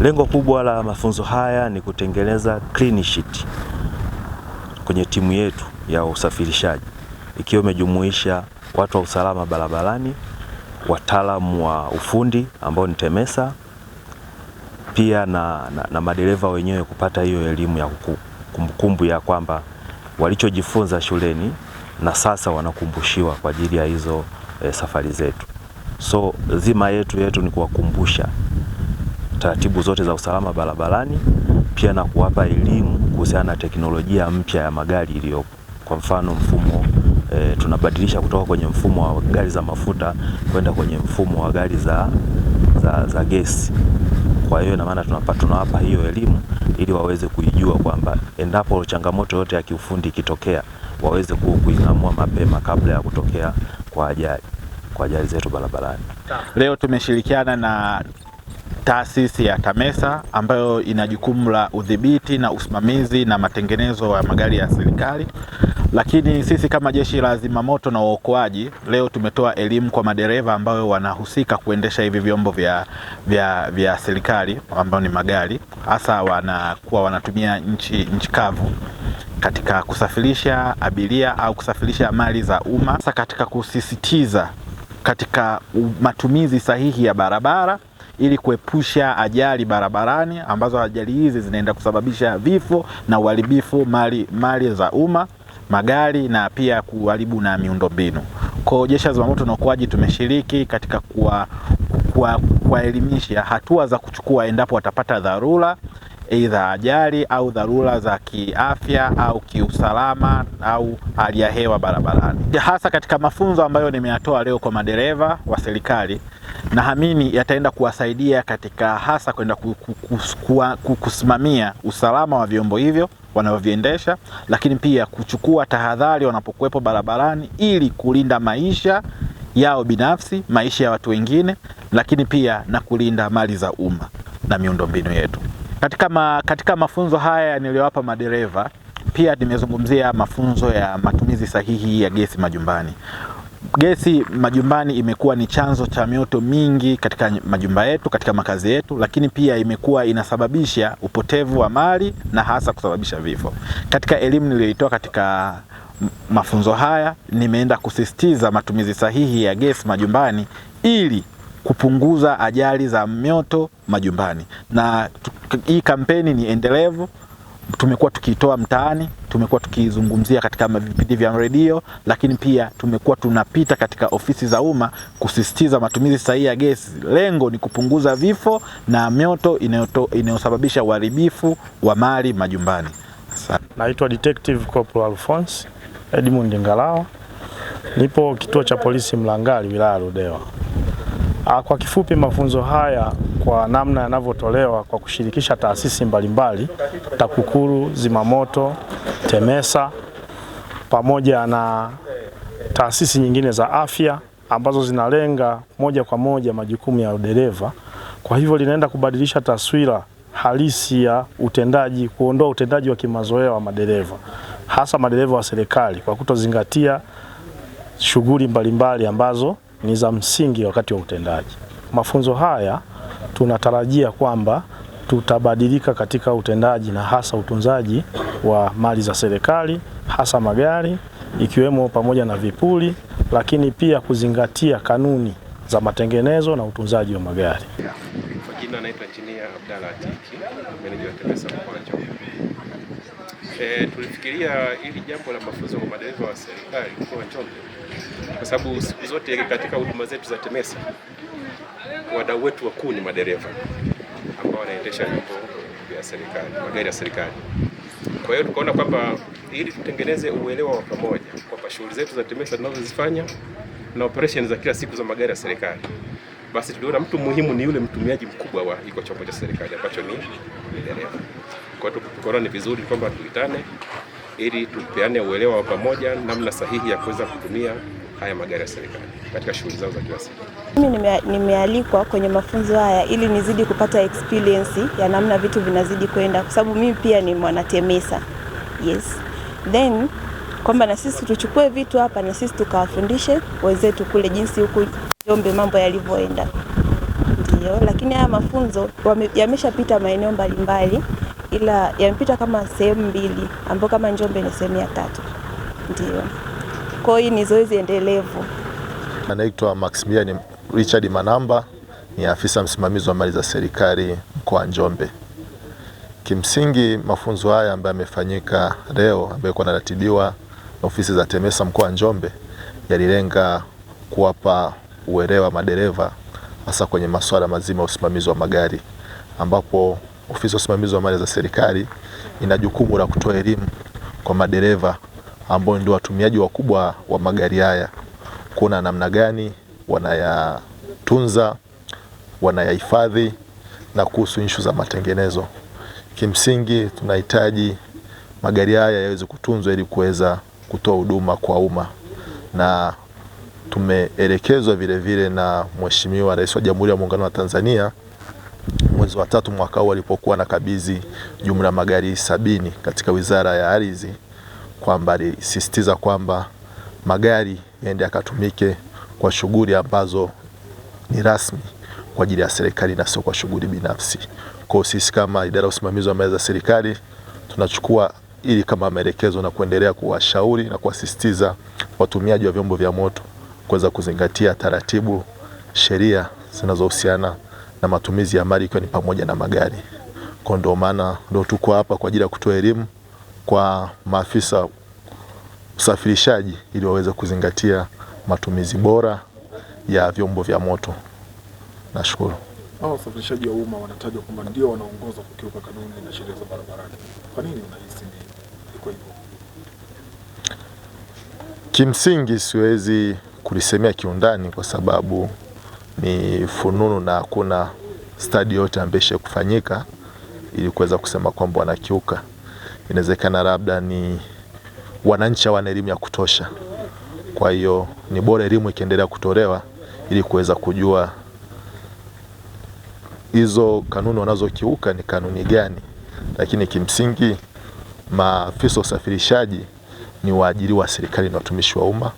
Lengo kubwa la mafunzo haya ni kutengeneza clean sheet kwenye timu yetu ya usafirishaji ikiwa imejumuisha watu wa usalama barabarani, wataalamu wa ufundi ambao ni TEMESA pia na, na, na madereva wenyewe kupata hiyo elimu ya kumbukumbu kumbu ya kwamba walichojifunza shuleni na sasa wanakumbushiwa kwa ajili ya hizo e, safari zetu. So dhima yetu yetu ni kuwakumbusha taratibu zote za usalama barabarani, pia na kuwapa elimu kuhusiana na teknolojia mpya ya magari iliyopo. Kwa mfano mfumo e, tunabadilisha kutoka kwenye mfumo wa gari za mafuta kwenda kwenye mfumo wa gari za, za, za gesi. Kwa hiyo ina maana tunawapa hiyo elimu ili waweze kuijua kwamba endapo changamoto yote ya kiufundi ikitokea waweze kuing'amua mapema kabla ya kutokea kwa ajali kwa ajali zetu barabarani. Leo tumeshirikiana na taasisi ya TAMESA ambayo ina jukumu la udhibiti na usimamizi na matengenezo ya magari ya serikali. Lakini sisi kama Jeshi la Zimamoto na Uokoaji leo tumetoa elimu kwa madereva ambayo wanahusika kuendesha hivi vyombo vya, vya, vya serikali ambayo ni magari hasa wanakuwa wanatumia nchi, nchi kavu katika kusafirisha abiria au kusafirisha mali za umma, hasa katika kusisitiza katika matumizi sahihi ya barabara ili kuepusha ajali barabarani ambazo ajali hizi zinaenda kusababisha vifo na uharibifu mali, mali za umma magari na pia kuharibu na miundombinu. Kwa Jeshi la Zimamoto na Uokoaji tumeshiriki katika kuwaelimisha kuwa, hatua za kuchukua endapo watapata dharura aidha ajali au dharura za kiafya au kiusalama au hali ya hewa barabarani, hasa katika mafunzo ambayo nimeyatoa leo kwa madereva wa serikali naamini yataenda kuwasaidia katika hasa kwenda kusimamia usalama wa vyombo hivyo wanavyoviendesha, lakini pia kuchukua tahadhari wanapokuwepo barabarani ili kulinda maisha yao binafsi, maisha ya watu wengine, lakini pia na kulinda mali za umma na miundombinu yetu. Katika, ma, katika mafunzo haya niliyowapa madereva pia nimezungumzia mafunzo ya matumizi sahihi ya gesi majumbani. Gesi majumbani imekuwa ni chanzo cha mioto mingi katika majumba yetu, katika makazi yetu, lakini pia imekuwa inasababisha upotevu wa mali na hasa kusababisha vifo. Katika elimu niliyoitoa katika mafunzo haya, nimeenda kusisitiza matumizi sahihi ya gesi majumbani ili kupunguza ajali za mioto majumbani, na hii kampeni ni endelevu tumekuwa tukiitoa mtaani, tumekuwa tukizungumzia katika vipindi vya redio, lakini pia tumekuwa tunapita katika ofisi za umma kusisitiza matumizi sahihi ya gesi. Lengo ni kupunguza vifo na mioto inayosababisha uharibifu wa mali majumbani. Naitwa Detective Corporal Alphonse Edmund Ngalawa, nipo kituo cha polisi Mlangali, wilaya Ludewa. Ah, kwa kifupi, mafunzo haya kwa namna yanavyotolewa kwa kushirikisha taasisi mbalimbali, TAKUKURU, Zimamoto, TEMESA pamoja na taasisi nyingine za afya ambazo zinalenga moja kwa moja majukumu ya udereva. Kwa hivyo linaenda kubadilisha taswira halisi ya utendaji, kuondoa utendaji wa kimazoea wa madereva, hasa madereva wa serikali, kwa kutozingatia shughuli mbalimbali ambazo ni za msingi wakati wa utendaji. Mafunzo haya tunatarajia kwamba tutabadilika katika utendaji na hasa utunzaji wa mali za serikali, hasa magari ikiwemo pamoja na vipuli, lakini pia kuzingatia kanuni za matengenezo na utunzaji wa magari. Jina naitwa Injinia Abdalla Atiki, meneja wa TEMESA mkoa wa Njombe. E, tulifikiria hili jambo la mafunzo kwa madereva wa serikali mkoa wa Njombe, kwa sababu siku zote katika huduma zetu za TEMESA wadau wetu wakuu ni madereva ambao wanaendesha vyombo vya serikali, magari ya serikali. Kwa hiyo tukaona kwamba ili tutengeneze uelewa wa pamoja kwamba shughuli zetu za TEMESA tunazozifanya na operation za kila siku za magari ya serikali, basi tuliona mtu muhimu ni yule mtumiaji mkubwa wa iko chombo cha serikali ambacho ni dereva. Kwaona ni vizuri kwamba tuitane ili tupeane uelewa wa pamoja namna sahihi ya kuweza kutumia haya magari ya serikali katika shughuli zao za kila siku. Mimi nimealikwa kwenye mafunzo haya ili nizidi kupata experience ya namna vitu vinazidi kwenda, kwa sababu mimi pia ni mwanatemesa. Yes, then kwamba na sisi tuchukue vitu hapa na sisi tukawafundishe wenzetu kule jinsi huku Njombe mambo yalivyoenda, ndio. Lakini haya mafunzo yameshapita maeneo mbalimbali ila yamepita kama sehemu mbili, ambapo kama Njombe ni sehemu ya tatu. Ndio, kwa hiyo ni zoezi endelevu. Anaitwa Maximilian Richard Manamba, ni afisa msimamizi wa mali za serikali mkoa wa Njombe. Kimsingi mafunzo haya ambayo yamefanyika leo ambayo kwa naratibiwa na ofisi za TEMESA mkoa wa Njombe yalilenga kuwapa uelewa madereva hasa kwenye masuala mazima ya usimamizi wa magari ambapo Ofisi ya Usimamizi wa Mali za Serikali ina jukumu la kutoa elimu kwa madereva ambao ndio watumiaji wakubwa wa magari haya, kuona namna gani wanayatunza, wanayahifadhi na kuhusu issue za matengenezo. Kimsingi tunahitaji magari haya yaweze kutunzwa ili kuweza kutoa huduma kwa umma, na tumeelekezwa vilevile na Mheshimiwa Rais wa Jamhuri ya Muungano wa Tanzania mwezi wa tatu mwaka huu alipokuwa na kabidhi jumla magari sabini katika Wizara ya Ardhi, kwamba alisisitiza kwamba magari yaende yakatumike kwa shughuli ambazo ni rasmi kwa ajili ya serikali na sio kwa shughuli binafsi. Kwa sisi kama idara ya usimamizi wa mali za serikali tunachukua ili kama maelekezo na kuendelea kuwashauri na kuwasisitiza watumiaji wa vyombo vya moto kuweza kuzingatia taratibu, sheria zinazohusiana na matumizi ya mali ikiwa ni pamoja na magari. Kwa ndio maana ndio tuko hapa kwa ajili ya kutoa elimu kwa maafisa usafirishaji ili waweze kuzingatia matumizi bora ya vyombo vya moto. Nashukuru. Hao wasafirishaji wa umma wanatajwa kwamba ndio wanaongoza kukiuka kanuni na sheria za barabarani. Kwa nini unahisi ni iko hivyo? Kimsingi siwezi kulisemea kiundani kwa sababu ni fununu na hakuna stadi yote ambayo kufanyika ili kuweza kusema kwamba wanakiuka. Inawezekana labda ni wananchi hawana elimu ya kutosha. Kwa hiyo ni bora elimu ikiendelea kutolewa ili kuweza kujua hizo kanuni wanazokiuka ni kanuni gani. Lakini kimsingi maafisa usafirishaji ni waajiri wa serikali na watumishi wa umma,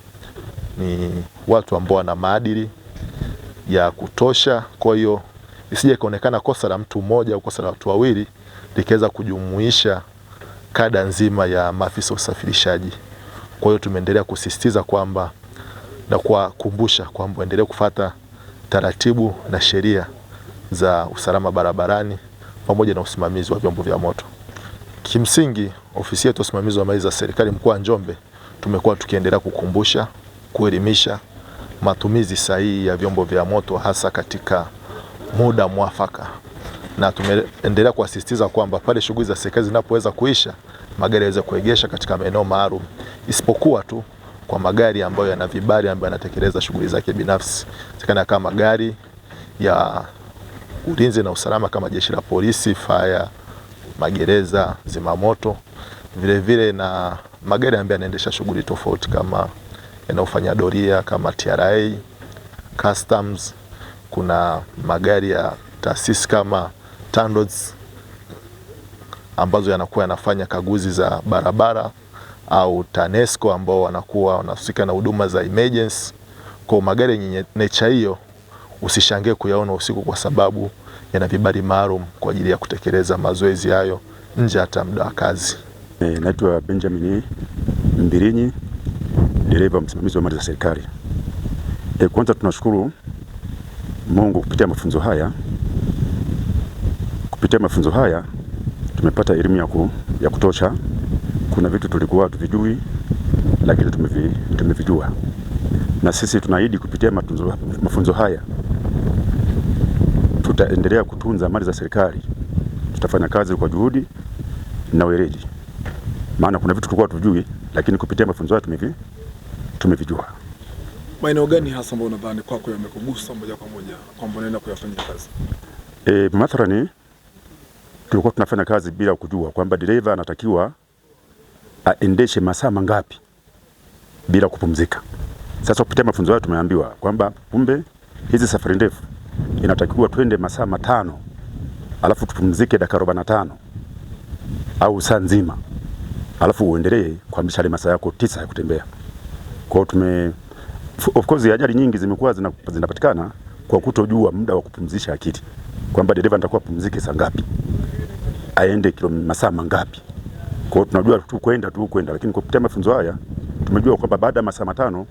ni watu ambao wana maadili ya kutosha, kwa hiyo isije ikaonekana kosa la mtu mmoja au kosa la watu wawili likaweza kujumuisha kada nzima ya maafisa usafirishaji. Kwa hiyo tumeendelea kusisitiza kwamba na kuwakumbusha kwamba waendelee kufata taratibu na sheria za usalama barabarani pamoja na usimamizi wa vyombo vya moto. Kimsingi, ofisi yetu ya usimamizi wa mali za serikali mkoa wa Njombe tumekuwa tukiendelea kukumbusha, kuelimisha matumizi sahihi ya vyombo vya moto hasa katika muda mwafaka, na tumeendelea kuasisitiza kwamba pale shughuli za serikali zinapoweza kuisha magari yaweze kuegesha katika maeneo maalum, isipokuwa tu kwa magari ambayo yana vibali ambayo yanatekeleza shughuli zake binafsi, sekana kama magari ya ulinzi na usalama kama jeshi la polisi, faya, magereza, zimamoto, vilevile na magari ambayo yanaendesha shughuli tofauti kama yanayofanya doria kama TRA, customs, kuna magari ya taasisi kama TANROADS ambazo yanakuwa yanafanya kaguzi za barabara au TANESCO ambao wanakuwa wanahusika na huduma za emergency. Kwa magari yenye nature hiyo usishangae kuyaona usiku, kwa sababu yana vibali maalum kwa ajili ya kutekeleza mazoezi hayo nje hata muda wa kazi. E, naitwa Benjamin Mbirinyi dereva msimamizi wa mali za serikali. E, kwanza tunashukuru Mungu kupitia mafunzo haya, kupitia mafunzo haya tumepata elimu ya, ku, ya kutosha. Kuna vitu tulikuwa tuvijui, lakini tumevi, tumevijua na sisi tunaahidi kupitia matunzo, mafunzo haya tutaendelea kutunza mali za serikali, tutafanya kazi kwa juhudi na weledi, maana kuna vitu tulikuwa tuvijui, lakini kupitia mafunzo haya tumevi tumevijua. Maeneo gani hasa ambayo unadhani kwako yamekugusa moja kwa moja kwamba unaenda kuyafanyia kazi? E, mathalani tulikuwa tunafanya kazi bila kujua kwamba dereva anatakiwa aendeshe masaa mangapi bila kupumzika. Sasa kupitia mafunzo hayo tumeambiwa kwamba kumbe hizi safari ndefu inatakiwa twende masaa matano alafu tupumzike dakika arobaini na tano au saa nzima alafu uendelee mishale masaa yako tisa ya kutembea. Kwa tume of course ajali nyingi zimekuwa zinapatikana kwa kutojua muda wa kupumzisha akili, kwamba dereva nitakuwa pumzike saa ngapi, aende kilo masaa mangapi. Kwa hiyo tunajua tu kwenda tu kwenda, lakini kupitia mafunzo haya tumejua kwamba baada ya masaa matano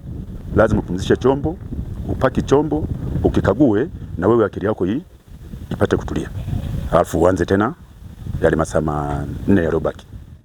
lazima upumzishe chombo, upaki chombo, ukikague na wewe akili yako hii ipate kutulia, alafu uanze tena yale masaa manne yaliyobaki.